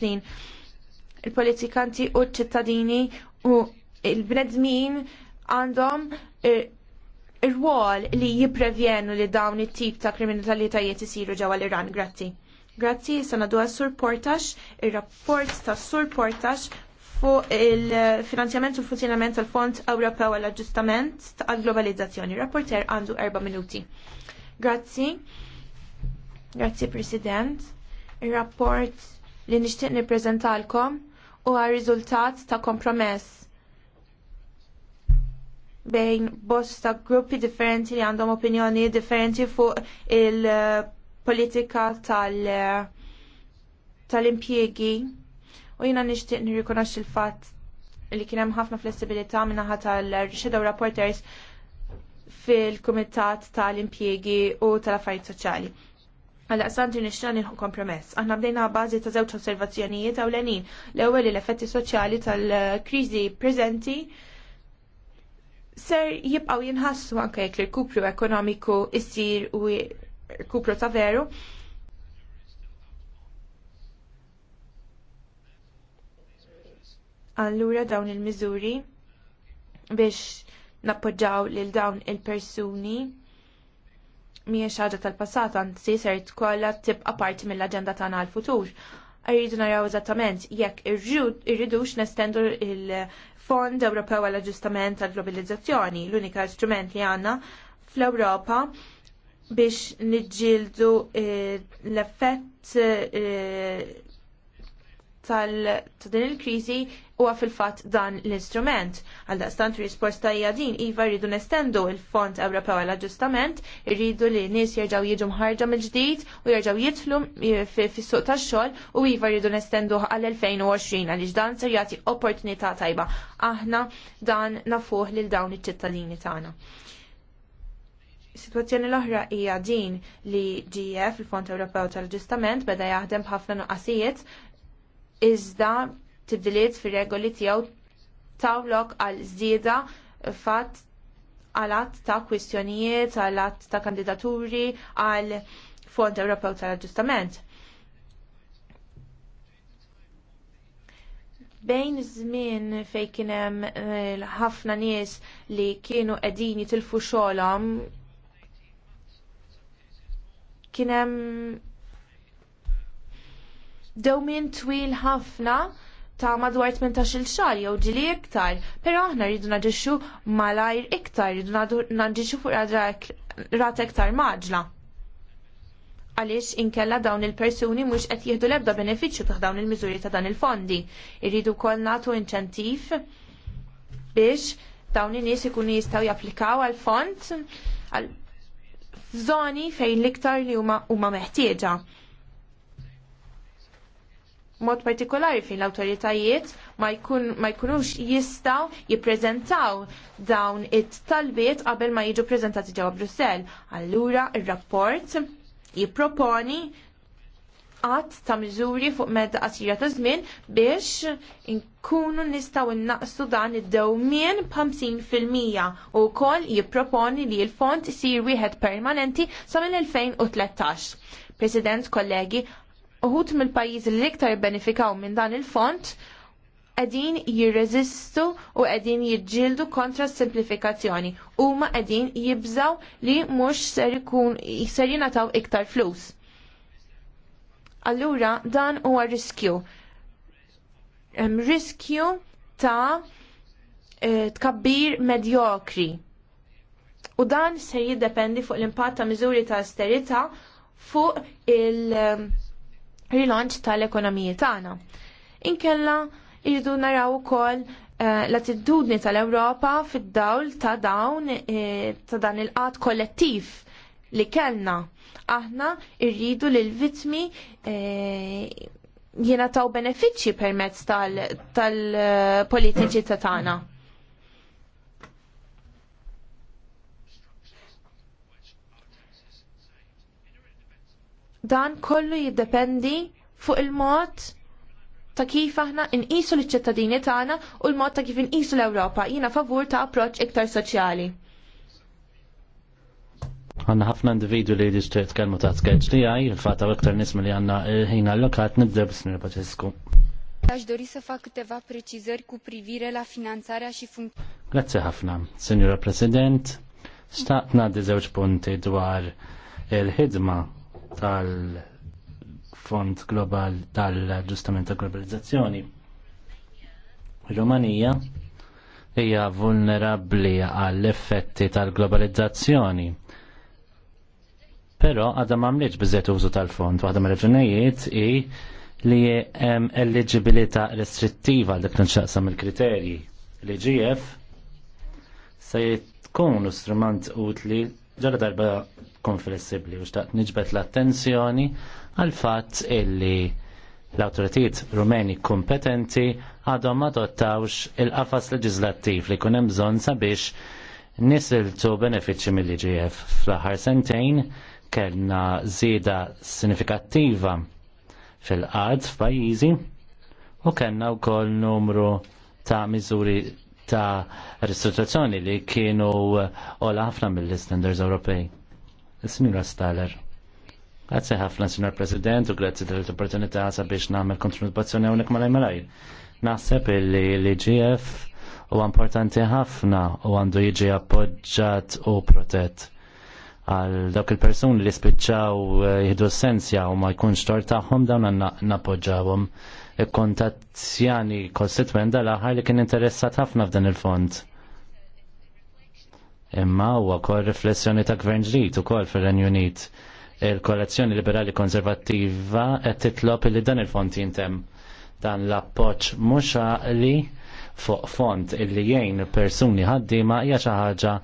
snin. Il-politikanti u ċittadini u il-bnedmin għandhom eh, il rwol li jiprevjenu li dawn it-tip ta' kriminalitajiet isiru ġewwa l-Iran. Grazzi. Grazzi, sanadu għas-Sur Portax, ir-rapport ta' Sur Portax fuq il-finanzjament u l-funzjonament tal-Fond Ewropew għall-Aġġustament għall-Globalizzazzjoni. Rapporter għandu erba' minuti. Grazzi. Grazzi, President. Il-rapport li nixtieq nippreżentalkom huwa riżultat ta' kompromess bejn bosta gruppi differenti li għandhom opinjoni differenti fuq il-politika tal- tal-impjiegi u jina nishtiq nirrikonoxxi l-fatt li kien hemm ħafna flessibilità minnaħa tal-shadow reporters fil-Kumitat tal-Impjiegi u tal-Affarijiet Soċjali. Għalla santi nixtran il kompromess. Aħna bdejna bazi ta' zewċ osservazzjonijiet għaw l-enin. L-ewel l-effetti soċjali tal-krizi prezenti ser jibqaw jinħassu anke jekk l-kupru ekonomiku issir u kupru ta' veru. Allura dawn il-miżuri biex nappoġġaw lil dawn il-persuni miex ħaġa tal-passat anzi ser tkollha tibqa' parti mill-aġenda tagħna għall-futur. Irridu naraw eżattament jekk irridux nestendu il-Fond Ewropew għall aġġustament tal-Globalizzazzjoni, l-unika strument li għandna fl-Ewropa biex niġġieldu eh, l-effett eh, ta' din il-kriżi huwa fil-fatt dan l-istrument. Għal daqstant risposta hija din iva rridu nestendu il-Fond Ewropew għal aġġustament, irridu li nies jerġgħu jiġu mħarġa mill-ġdid u jerġgħu jidħlu eh, fis-suq tax-xogħol u iva rridu nestendu għal 2020 għaliex dan ser jagħti opportunità tajba. Aħna dan nafuh lil dawn iċ-ċittadini tagħna situazzjoni l-oħra hija din li GF, il-Fond Ewropew tal-Ġustament, beda jaħdem b'ħafna nuqqasijiet iżda tibdiliet fir-regoli tiegħu tawlok għal żieda fatt għal att ta' kwistjonijiet, għal att ta' kandidaturi, għal Fond Ewropew tal-Aġġustament. bejn żmien fejn kien hemm eh, ħafna nies li kienu qegħdin jitilfu xogħolhom kien hemm dewmien twil ħafna ta' madwar 18 xahar jew ġili iktar, però aħna rridu naġixxu malajr iktar, rridu naġixxu fuq rata iktar maġla. Għaliex inkella dawn il-persuni mhux qed jieħdu l-ebda benefiċċju ta' dawn il-miżuri ta' dan il-fondi. Irridu wkoll nagħtu inċentiv biex dawn in-nies ikunu jistgħu japplikaw għal fond għal f'żoni fejn l-iktar li huma huma meħtieġa mod partikolari fejn l-autoritajiet ma, jkun, ma jkunux jistaw jipprezentaw dawn it-talbiet qabel ma jiġu prezentati ġewwa Brussell. Allura r rapport jipproponi qatt ta' miżuri fuq medda qasira ta' żmien biex inkunu nistgħu innaqsu dan id-dewmien fil-mija u wkoll jipproponi li l-fond isir wieħed permanenti sa mill-2013. President, kollegi, uħut mill-pajjiżi li iktar benefikaw minn dan il-font qegħdin jirreżistu u qegħdin jiġġieldu kontra s-simplifikazzjoni. Huma qegħdin jibżaw li mhux ser ikun ser jingħataw iktar flus. Allura dan huwa riskju. Hemm riskju ta' eh, tkabbir medjokri. U dan se jiddependi fuq l-impatt ta' miżuri ta' austerita fuq il- rilanċ tal-ekonomiji tagħna. Inkella irridu naraw ukoll eh, l-attitudni tal-Ewropa fid-dawl ta' dawn eh, ta' dan il-qat kollettiv li kellna. Aħna irridu li l-vitmi eh, jiena taw benefiċċji permezz tal-politiċi ta' tagħna. dan kollu jiddependi fuq il-mod ta' kif aħna inqisu l-ċittadini tagħna u l-mod ta' kif inqisu l-Ewropa. Jiena favur ta' approċċ iktar soċjali. Għanna ħafna individu li jidġtu jitkellmu ta' sketch li għaj, il-fata għaw iktar nisma li għanna ħina allokat nibdew bis-snir Baċesku. Għax dori sa' fa' kuteva preċizor ku privire la' finanzarja xi fun. Grazie ħafna, Signora President. Staqt naddi zewġ punti dwar il-ħidma tal-Fond Global tal-Ġustament ta' Globalizzazzjoni. Rumanija hija vulnerabbli għall-effetti tal-globalizzazzjoni. Però għadha m'għamliex biżejt użu tal-fond, waħda mir-raġunijiet hi li hemm eligibilità restrittiva għal dik nixtaqsam il-kriterji. L-IGF se tkun strument utli ġara darba kon flessibli u xtaqt nġbet l-attenzjoni għal fatt illi l-autoritiet rumeni kompetenti għadhom ma adottawx il-qafas leġislattiv li kunem bżon sabiex nisiltu benefiċi mill-IGF. Fl-aħħar sentejn kellna żieda sinifikattiva fil-qad f'pajjiżi u kellna wkoll numru ta' miżuri ta' ristrutturazzjoni li kienu ola ħafna mill-standards Ewropej. Signora Staller. Grazie ħafna, Signor President, u grazie tal-opportunità sabiex nagħmel kontribuzzjoni hawnhekk malaj malaj. Naħseb li l-IGF u importanti ħafna u għandu jiġi appoġġat u protett għal dawk il-persuni li spiċċaw eh, jihdu sensja u ma jkunx tor tagħhom dawn nappoġġawhom. Na kontattjani kostitwen dal ħar li kien interessat ħafna f'dan il-fond. Imma huwa kol riflessjoni ta' Gvern ġdid ukoll fir-Renju Unit. Il-Koalizzjoni Liberali Konservattiva qed titlob li dan il-fond jintem dan l-appoġġ mhux għaqli fuq font illi jgħin persuni ħaddiema hija xi ħaġa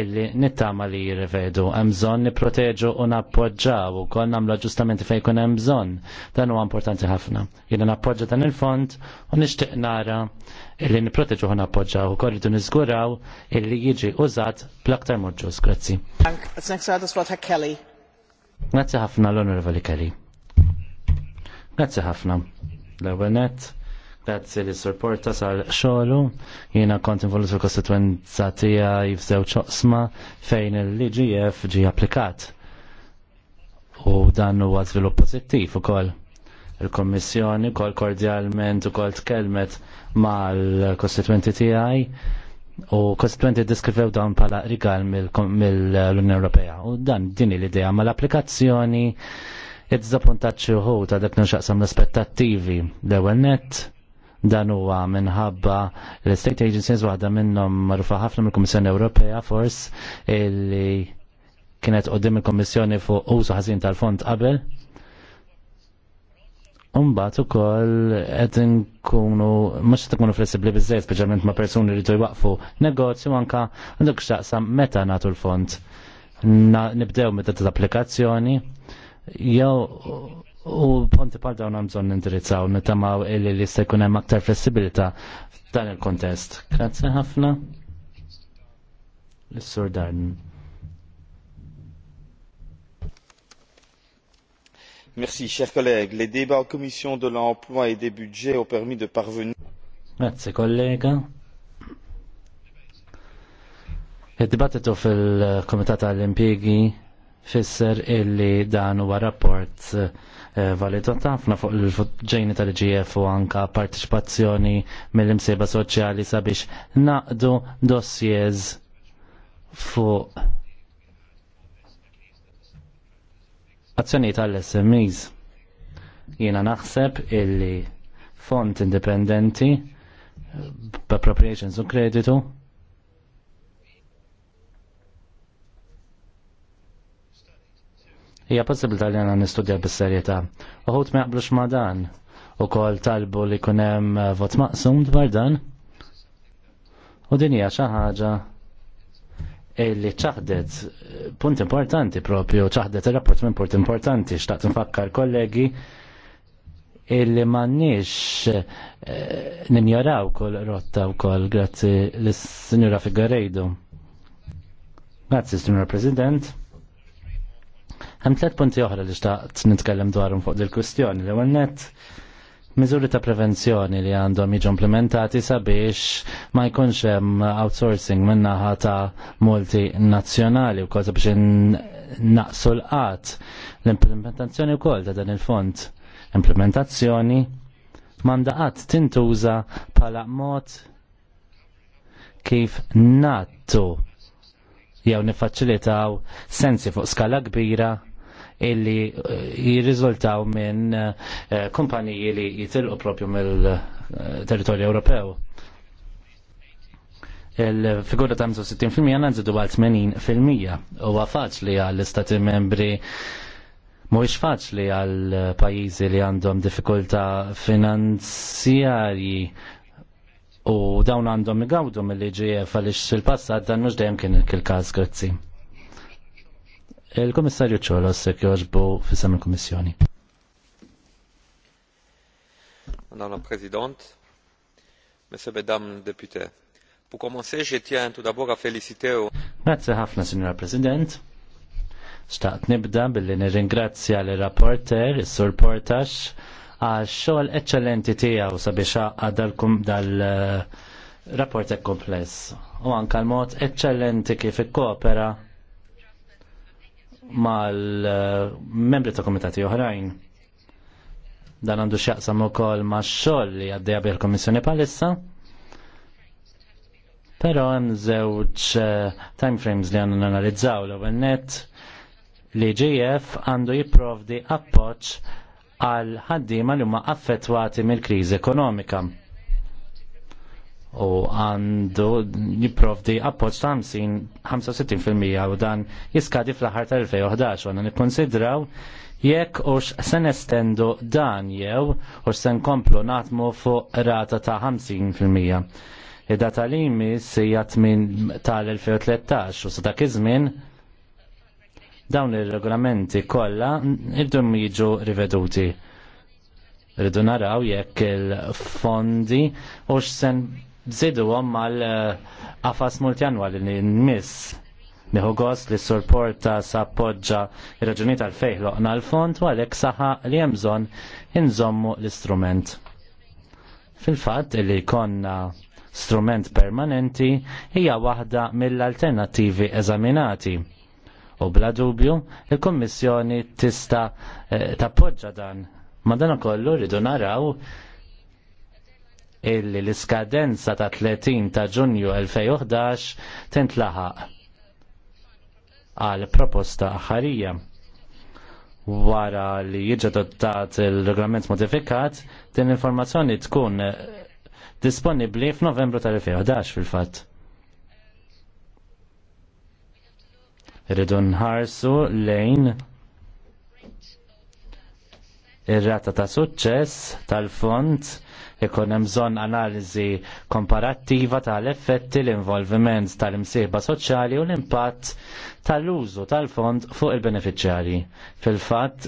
illi nittama li jirrivedu. Hemm bżonn nipproteġu u nappoġġaw ukoll nagħmlu ġustamenti fejn jkun hemm bżonn. Dan huwa importanti ħafna. Jiena nappoġġa dan il-font u nixtieq nara illi nipproteġu u nappoġġaw ukoll idu niżguraw illi jiġi użat bl-aktar mod ġus. Grazzi. Grazzi ħafna l-Onorevoli Kelly. Grazzi ħafna. L-ewwel nett Grazzi li supporta sal xogħlu jiena kont involut fil-kostituenza tiegħi f'żew ċoqsma fejn il-IGF ġi applikat. U dan huwa żvilupp pożittiv ukoll. Il-Kommissjoni kol kordjalment u kol tkellmet mal-kostituenti tiegħi u kostituenti diskrivew dawn pala rigal mill-Unjoni Ewropea. U dan din l-idea mal-applikazzjoni id-zappuntaċi uħu ta' dak nxaqsam l-aspettattivi l-ewel net Dan huwa minħabba l-State Agencies waħda minnhom magħrufa ħafna mill-Kummissjoni Ewropea fors illi kienet qudiem il-Kommissjoni fuq użu ħażin tal-fond qabel. Umbat ukoll qed inkunu mhux qed ikunu flessibbli biżejjed speċjalment ma' persuni li jwaqfu negozju anka għandek x'taqsam meta nagħtu l-fond. Nibdew meta ta' applikazzjoni jew U ponti pal dawn għam indirizzaw, nindirizzaw, nitamaw illi li se hemm aktar flessibilita f'dan il-kontest. Grazie ħafna. L-Sur Darn. Merci, chers collègues. Les débats en commission de l'emploi et des budgets ont permis de parvenir. Grazie, collega. Il au fil-Komitat tal-Impiegi fisser illi dan huwa rapport eh, valido' ħafna fuq il-ġejni tal-GF u anka partiċipazzjoni mill-imsiba soċjali sabiex naqdu dossiers fuq azzjoni tal-SMEs. Jiena naħseb illi font indipendenti b-appropriations u kreditu hija possibilità li għana nistudja bis-serjetà. Uħut ma jaqblux ma dan u kol talbu li kunem eh, vot maqsum dwar dan. U din hija xi ħaġa ċaħdet eh, punt importanti propju, ċaħdet il-rapport minn punt importanti, xtaqt nfakkar kollegi illi mannix eh, ninjoraw kol rotta u kol grazzi l-Sinjura Figueredo. Grazzi, Sinjura President. Hemm tliet punti oħra li xtaqt nitkellem dwarhom fuq dil-kwistjoni. L-ewwel nett miżuri ta' prevenzjoni li għandhom jiġu implementati sabiex ma jkunx hemm outsourcing min-naħa ta' multinazzjonali wkoll sabiex naqsu l-qatt l-implementazzjoni wkoll ta' dan il-fond. Implementazzjoni m'għandha qatt tintuża bħala mod kif nattu jew nifaċilitaw sensi fuq skala kbira illi eh, jirriżultaw minn eh, kumpaniji li jitilqu propju mill-territorju Ewropew. Il-figura ta' 65% nanżidu għal 80% huwa faċli għall-istati membri Mhuwiex faċli għal pajjiżi li għandhom diffikultà finanzjarji U dawn għandhom igawdu mill-IGF għalix fil-passat dan mux dejjem kien il-każ grazzi. Il-Komissarju s se joġbu fissam il-Komissjoni. Madame la Présidente, Monsieur Mesdames députés, pour commencer, je tiens tout d'abord à féliciter Grazie ħafna, Signora President. Staqt nibda billi nirringrazzja l-rapporter, il surportax Għal xogħol eċċellenti tiegħu sabiex għadalkum dal-rapport eh, kompless. U anka l-mod eċċellenti kif ikkopera mal-membri eh, ta' komitati oħrajn. Dan għandu xaqsam u kol ma' xol li għaddeja l komissjoni palissa. Pero għem zewċ eh, timeframes li għandu analizzaw l net li GF għandu jiprovdi appoċ għal ħaddiema li huma affettwati mill-kriżi ekonomika. U għandu jipprovdi appoġġ ta' 65% u dan jiskadi fl-aħħar tal-2011 u għandu nikkonsidraw jekk u se nestendu dan jew u se nkomplu natmu fuq rata ta' 50%. Id-data li jmiss minn tal-2013 u sa dak iż-żmien Dawn ir-regolamenti kollha irdu jiġu riveduti. Rridu naraw jekk il-fondi u x'sen zidu mal qafas eh, multjanwal li nmiss. Nieħu gost li s-surporta sappoġġa ir-raġuni tal-fejn loqna l-fond u għalhekk saħa li hemm bżonn inżommu l-istrument. Fil-fatt li konna strument permanenti hija waħda mill-alternattivi eżaminati u bla dubju il-Kommissjoni tista eh, tappoġġa dan. Madana kollu rridu naraw illi l-iskadenza ta' 30 ta' ġunju 2011 tintlaħaq għal proposta ħarija. Wara li jiġi dottat il-regolament modifikat, din l-informazzjoni tkun eh, disponibbli f'Novembru tal-2011 fil-fatt. Rridu nħarsu lejn ir-rata ta' suċċess tal-fond ikun hemm bżonn analiżi komparattiva tal-effetti l-involviment tal-imsieħba soċjali u l-impatt tal-użu tal-fond fuq il benefiċjarji Fil-fatt,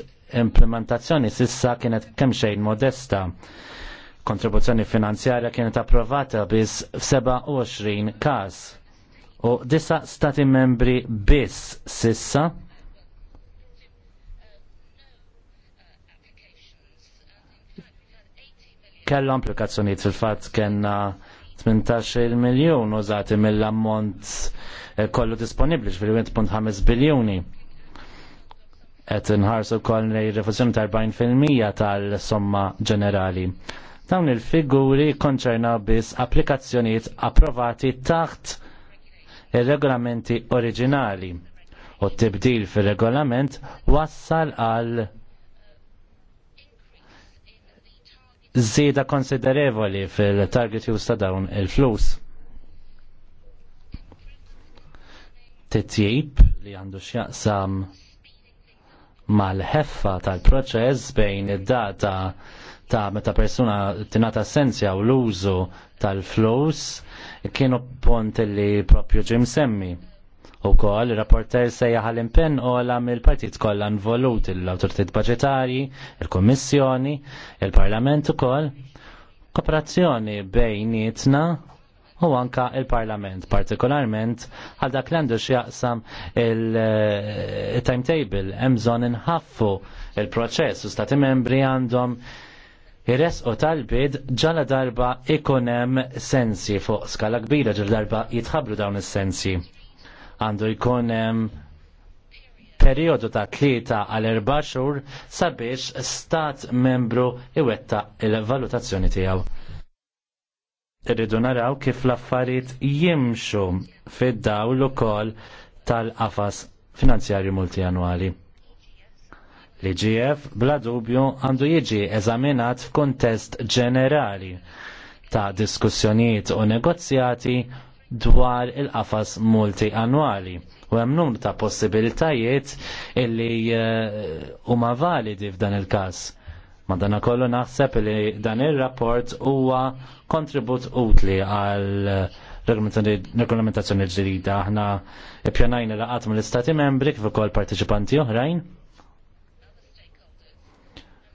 implementazzjoni sissa kienet kemm xejn modesta. Kontribuzzjoni finanzjarja kienet approvata biss f'27 każ u disa stati membri biss sissa kellu implikazzjonijiet fil-fatt kena 18 miljon użati mill-ammont eh, kollu disponibli ġifiri 15 biljuni. Et nħarsu kol refuzzjoni ta' 40% tal-somma ġenerali. Dawn il-figuri konċerna biss applikazzjonijiet approvati taħt ir-regolamenti oriġinali u t-tibdil fil-regolament wassal għal zida konsiderevoli fil-target use ta' dawn il-flus. Titjib li għandu xjaqsam mal-ħeffa tal-proċess bejn id-data ta' meta persuna tinata sensja u l-użu tal-flus kienu pont li propju ġim semmi. U kol, rapporter sejja l-impen u għalam il-partit kollha volut l-autoritet budgetari, il-kommissjoni, il-parlament u kol, kooperazzjoni bejnietna u anka il-parlament, partikolarment għal dak l-għandu xjaqsam il-timetable, il emżon nħaffu il-proċess u stati membri għandhom Ires u talbid ġala darba ikonem sensi fuq skala kbira ġal darba jitħabru dawn is-sensi. Għandu jkunem periodu ta' tlieta għal erba' xhur sabiex stat membru iwetta il-valutazzjoni tiegħu. Irridu naraw kif l-affarijiet jimxu fid-dawl ukoll tal-qafas finanzjarju multianwali. Li ġiev bla dubju għandu jiġi eżaminat f'kuntest ġenerali ta' diskussjonijiet u negozjati dwar il-qafas multi u hemm numru ta' possibilitajiet illi eh, huma uh, validi f'dan il-każ. Madana kollu naħseb li dan il-rapport huwa kontribut utli għal eh, regolamentazzjoni ġdida. Aħna pjanajna laqat mill istati membri kif ukoll partiċipanti oħrajn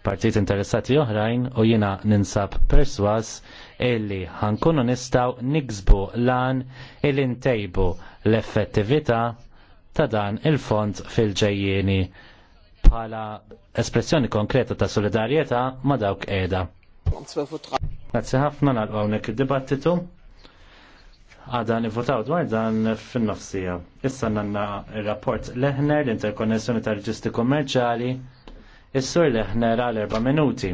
partit interessati oħrajn u jiena ninsab perswas illi ħankunu nistaw niksbu lan illi ntejbu l-effettività ta' dan il-fond fil-ġejjieni bħala espressjoni konkreta ta' solidarjetà ma' dawk qiegħda. Grazzi ħafna nagħlqu hawnhekk id-dibattitu. Għada nivotaw dwar dan fin-nofsija. Issa nanna il-rapport leħner l-interkonnessjoni tal ġisti kommerċali Is-sur l erba' minuti.